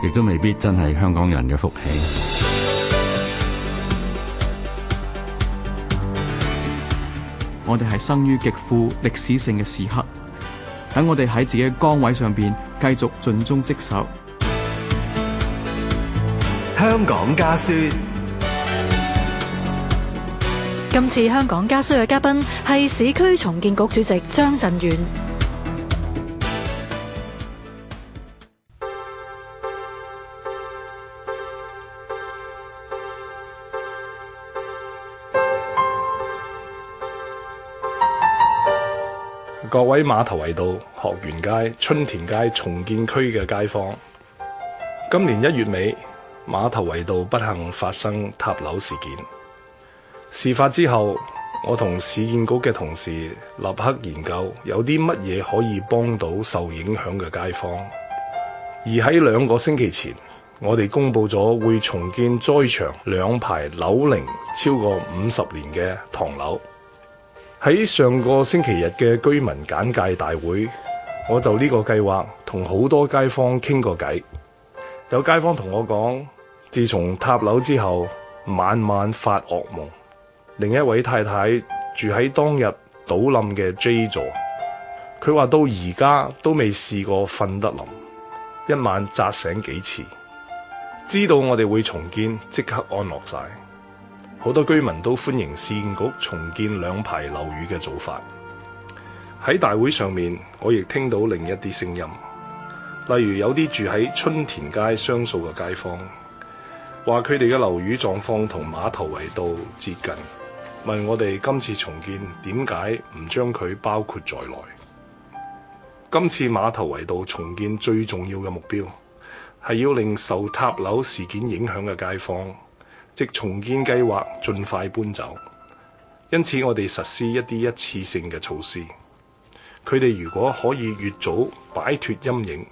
亦都未必真係香港人嘅福氣。我哋係生於極富歷史性嘅時刻，等我哋喺自己嘅崗位上邊繼續盡忠職守。香港家書。今次香港家書嘅嘉賓係市區重建局主席張震遠各位馬頭圍道、學園街、春田街重建區嘅街坊，今年一月尾，馬頭圍道不幸發生塌樓事件。事發之後，我同市建局嘅同事立刻研究有啲乜嘢可以幫到受影響嘅街坊。而喺兩個星期前，我哋公佈咗會重建災場兩排樓齡超過五十年嘅唐樓。喺上個星期日嘅居民簡介大會，我就呢個計劃同好多街坊傾過偈。有街坊同我講，自從塌樓之後，晚晚發噩夢。另一位太太住喺當日倒冧嘅 J 座，佢話到而家都未試過瞓得冧，一晚扎醒幾次。知道我哋會重建，即刻安樂晒。好多居民都歡迎市建局重建兩排樓宇嘅做法。喺大會上面，我亦聽到另一啲聲音，例如有啲住喺春田街雙數嘅街坊，話佢哋嘅樓宇狀況同碼頭圍道接近，問我哋今次重建點解唔將佢包括在內。今次碼頭圍道重建最重要嘅目標係要令受塌樓事件影響嘅街坊。即重建計劃盡快搬走，因此我哋實施一啲一次性嘅措施。佢哋如果可以越早擺脱陰影，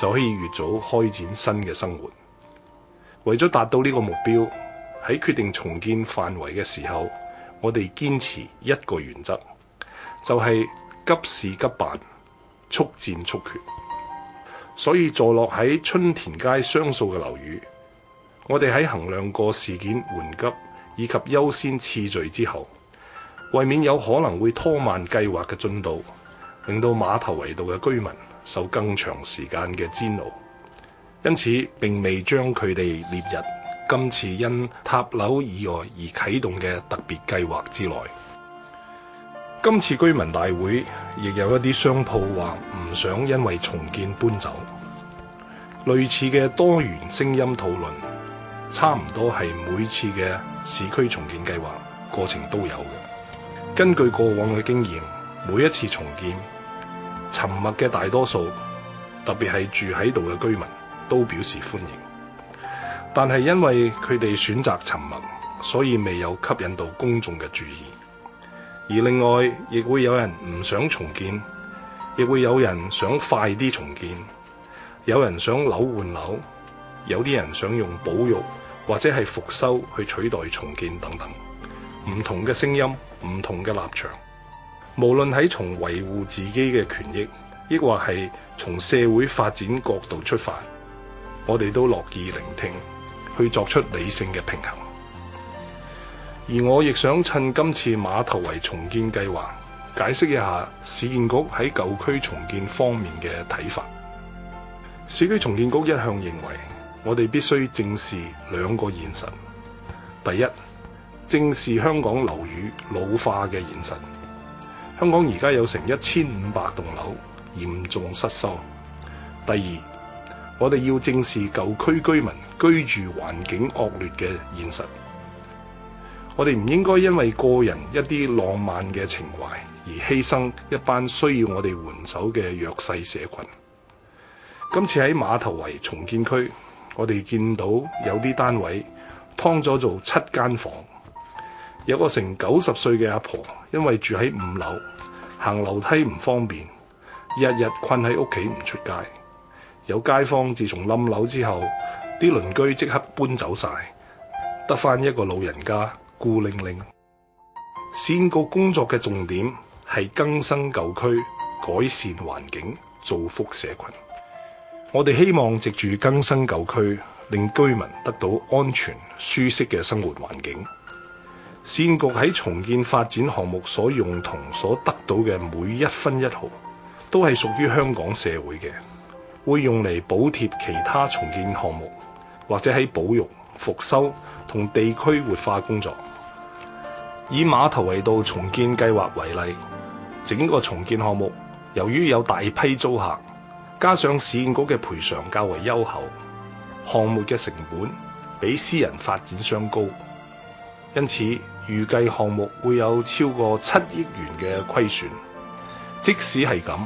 就可以越早開展新嘅生活。為咗達到呢個目標，喺決定重建範圍嘅時候，我哋堅持一個原則，就係急事急辦，速戰速決。所以坐落喺春田街雙數嘅樓宇。我哋喺衡量過事件緩急以及優先次序之後，為免有可能會拖慢計劃嘅進度，令到碼頭圍道嘅居民受更長時間嘅煎熬，因此並未將佢哋列入今次因塔樓意外而啟動嘅特別計劃之內。今次居民大會亦有一啲商鋪話唔想因為重建搬走，類似嘅多元聲音討論。差唔多係每次嘅市區重建計劃過程都有嘅。根據過往嘅經驗，每一次重建，沉默嘅大多數，特別係住喺度嘅居民，都表示歡迎。但係因為佢哋選擇沉默，所以未有吸引到公眾嘅注意。而另外，亦會有人唔想重建，亦會有人想快啲重建，有人想樓換樓。有啲人想用保育或者係復修去取代重建等等，唔同嘅聲音，唔同嘅立場，無論喺從維護自己嘅權益，亦或係從社會發展角度出發，我哋都樂意聆聽，去作出理性嘅平衡。而我亦想趁今次馬頭圍重建計劃，解釋一下市建局喺舊區重建方面嘅睇法。市區重建局一向認為。我哋必須正視兩個現實：第一，正視香港樓宇老化嘅現實；香港而家有成一千五百棟樓嚴重失修。第二，我哋要正視舊區居民居住環境惡劣嘅現實。我哋唔應該因為個人一啲浪漫嘅情懷而犧牲一班需要我哋援手嘅弱勢社群。今次喺馬頭圍重建區。我哋見到有啲單位劏咗做七間房，有個成九十歲嘅阿婆，因為住喺五樓，行樓梯唔方便，日日困喺屋企唔出街。有街坊自從冧樓之後，啲鄰居即刻搬走晒，得翻一個老人家孤零零。市建局工作嘅重點係更生舊區，改善環境，造福社群。我哋希望藉住更新舊區，令居民得到安全、舒適嘅生活環境。線局喺重建發展項目所用同所得到嘅每一分一毫，都係屬於香港社會嘅，會用嚟補貼其他重建項目，或者喺保育、復修同地區活化工作。以碼頭圍道重建計劃為例，整個重建項目由於有大批租客。加上市建局嘅賠償較為優厚，項目嘅成本比私人發展商高，因此預計項目會有超過七億元嘅虧損。即使係咁，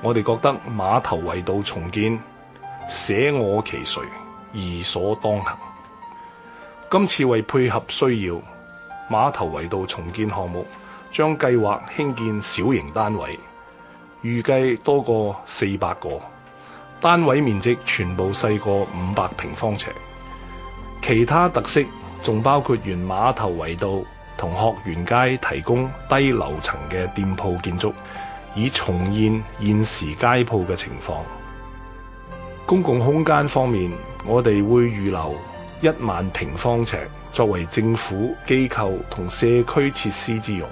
我哋覺得馬頭圍道重建舍我其誰，義所當行。今次為配合需要，馬頭圍道重建項目將計劃興建小型單位。預計多過四百個單位，面積全部細過五百平方尺。其他特色仲包括沿馬頭圍道同鶴園街提供低樓層嘅店鋪建築，以重現現時街鋪嘅情況。公共空間方面，我哋會預留一萬平方尺作為政府機構同社區設施之用。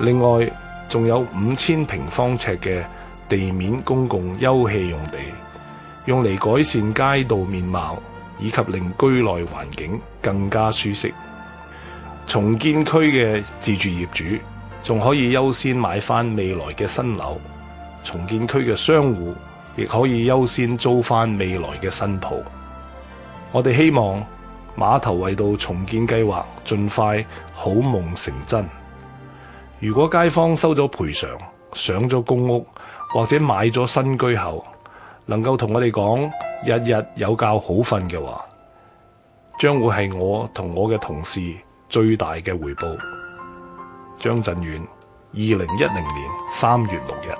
另外，仲有五千平方尺嘅地面公共休憩用地，用嚟改善街道面貌，以及令居內環境更加舒適。重建區嘅自住業主仲可以優先買翻未來嘅新樓，重建區嘅商戶亦可以優先租翻未來嘅新鋪。我哋希望馬頭圍道重建計劃盡快好夢成真。如果街坊收咗賠償，上咗公屋或者買咗新居後，能夠同我哋講日日有覺好瞓嘅話，將會係我同我嘅同事最大嘅回報。張震遠，二零一零年三月六日。